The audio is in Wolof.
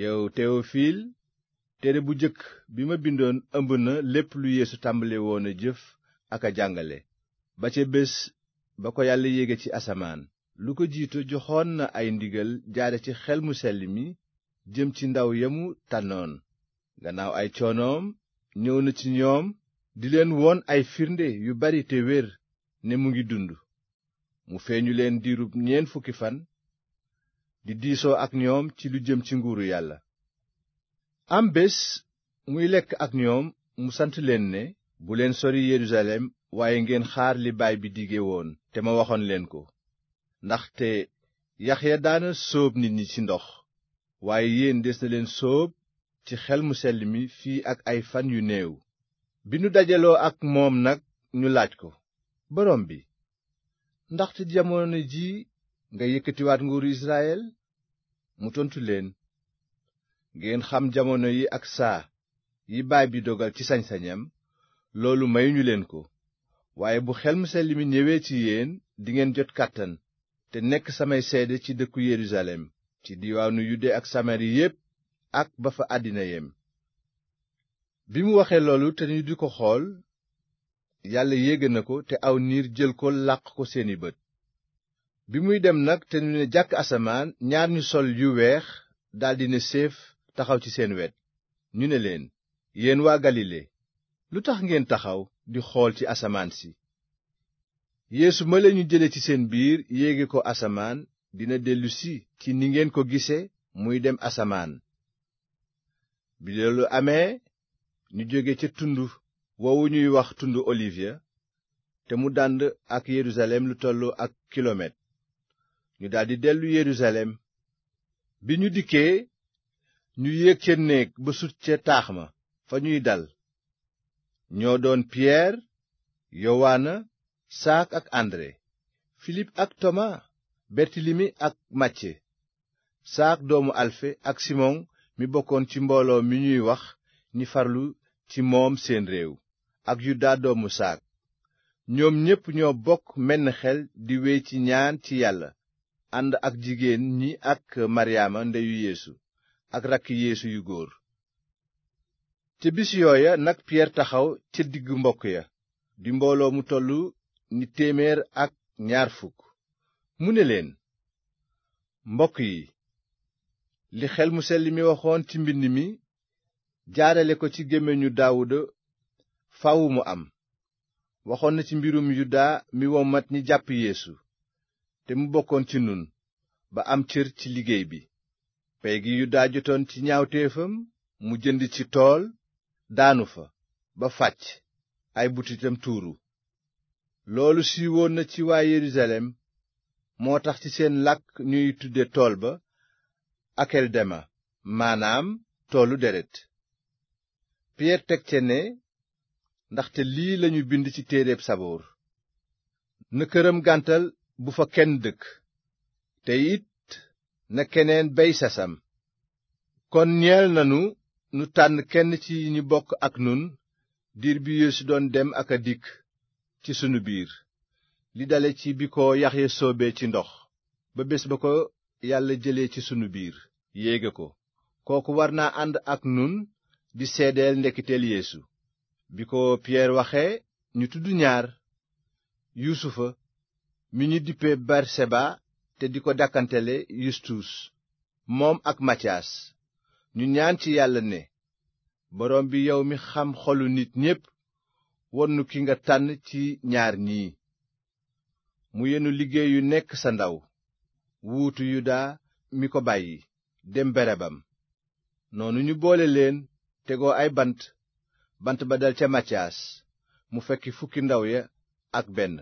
yow Tewofil téere bu jëkk bi ma bindoon ëmb na lépp lu Yeesu tàmbali woon a jëf ak a jàngale ba ca bés ba ko yàlla yéege ci asamaan lu ko jiitu joxoon na ay ndigal jaare ci xel mu sell mi jëm ci ndaw yamu tànnoon gannaaw ay coonoom ñëw na ci ñoom di leen woon ay firnde yu bari te wér ne mu ngi dund mu feeñu leen diirub ñeent fukki fan di diisoo ak ñoom ci lu jëm ci nguuru yàlla am bés muy lekk ak ñoom mu sant leen ne bu leen sori Yerusalem waaye ngeen xaar li baay bi dige woon te ma waxoon leen ko ndaxte yax ya daana sóob nit ñi ci ndox waaye yéen des na leen sóob ci xel mu sell fii ak ay fan yu néew bi nu dajaloo ak moom nag ñu laaj ko borom bi ndaxte jamono ji nga yëkkatiwaat nguuru Israyel mu tontu leen ngeen xam jamono yi ak saa yi baay bi dogal ci sañsañam sañam loolu mayuñu leen ko waaye bu xel mu sell mi ñëwee ci yéen ngeen jot kàttan te nekk samay seede ci dëkku Yerusalem ci diiwaanu Yude ak Samari yépp ak ba fa àddina yem bi mu waxee loolu te ñu di ko xool yàlla yéege na ko te aw niir jël ko làq ko seeni bët bi muy dem nag te ñu ne jàkk asamaan ñaar ñu sol yu weex daldi ne séef taxaw ci seen wet ñu ne leen yéen waa galile lu tax ngeen taxaw di xool ci asamaan si yeesu ma la ñu jële ci seen biir yéege ko asamaan dina dellusi ci ni ngeen ko gise muy dem asamaan bi loolu amee ñu jóge ca tund woowu ñuy wax tund olivier te mu dànd ak yerusalem lu tolloo ak kilomètre ñu daldi dellu yerusalem bi ñu dikkee ñu yéeg ca néeg ba sut ca taax ma fa ñuy dal ñoo doon piyeer yowaana saak ak andre filip ak toma bertilimi ak macce saak doomu alfe ak simon mi bokkoon ci mbooloo mi ñuy wax ñi farlu ci moom seen réew ak yuda doomu saak ñoom ñépp ñoo bokk menn xel di wéy ci ñaan ci yàlla ànd ak jigéen ñi ak maryaama ndeyu ak rakki yeesu yu góor ca bis yooya nag piyeer taxaw ca diggu mbokk ya di mbooloo mu tollu ni téeméer ak ñaar fukk mu ne leen mbokk yi li xel mu sell mi waxoon ci mbind mi jaarale ko ci gémmiñu daawuda faaw mu am waxoon na ci mbirum yuda mi womat ñi jàpp yéesu te mu bokkoon ci nun ba am cër ci liggéey bi pey gi Yuda jotoon ci ñaawteefam mu jënd ci tool daanu fa ba fàcc ay butitam tuuru loolu siiwoon na ci waa Yerusalem moo tax ci seen làkk ñuy tudde tool ba akeldama maanaam toolu deret Piyeer teg ce ne ndaxte lii lañu bind ci téereb saboor bu fa kenn dëkk tey it na keneen bay sasam kon ñeel nanu nu tànn kenn ci ñi bokk ak nun diir bi Yeesu doon dem ak a dikk ci sunu biir li dale ci bi ko Yaxya soobe ci ndox ba bés ba ko yàlla jële ci sunu biir yéege ko kooku war naa ànd ak nun di seedeel ndekkiteel yéesu bi ko Piyeer waxe ñu tudd ñaar Yuusufa mi ñu dippe barseba te di ko dàkkantele yustus moom ak matiyaas ñu ñaan ci yàlla ne borom bi yow mi xam xolu nit ñépp won ki nga tànn ci ñaar ñii mu yenu liggéey yu nekk sa ndaw wuutu yuda mi ko bàyyi dem berebam noonu ñu boole leen tegoo ay bant bant ba dal ca matiyaas mu fekki fukki ndaw ya ak benn